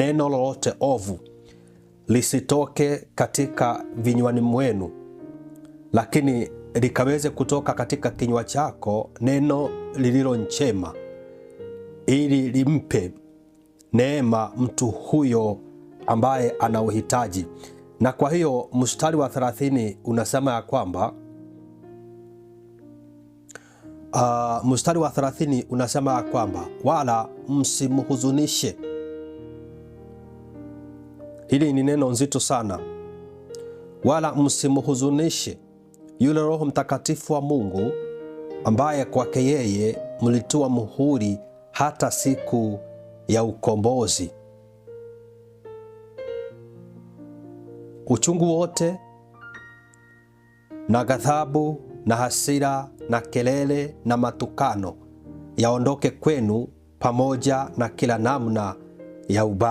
neno lolote ovu lisitoke katika vinywani mwenu, lakini likaweze kutoka katika kinywa chako neno lililo nchema ili limpe neema mtu huyo ambaye ana uhitaji. Na kwa hiyo mstari wa 30 unasema ya kwamba uh, mstari wa 30 unasema ya kwamba wala msimhuzunishe Hili ni neno nzito sana, wala msimhuzunishe yule Roho Mtakatifu wa Mungu ambaye kwake yeye mlitua muhuri hata siku ya ukombozi. Uchungu wote na ghadhabu na hasira na kelele na matukano yaondoke kwenu pamoja na kila namna ya ubaya.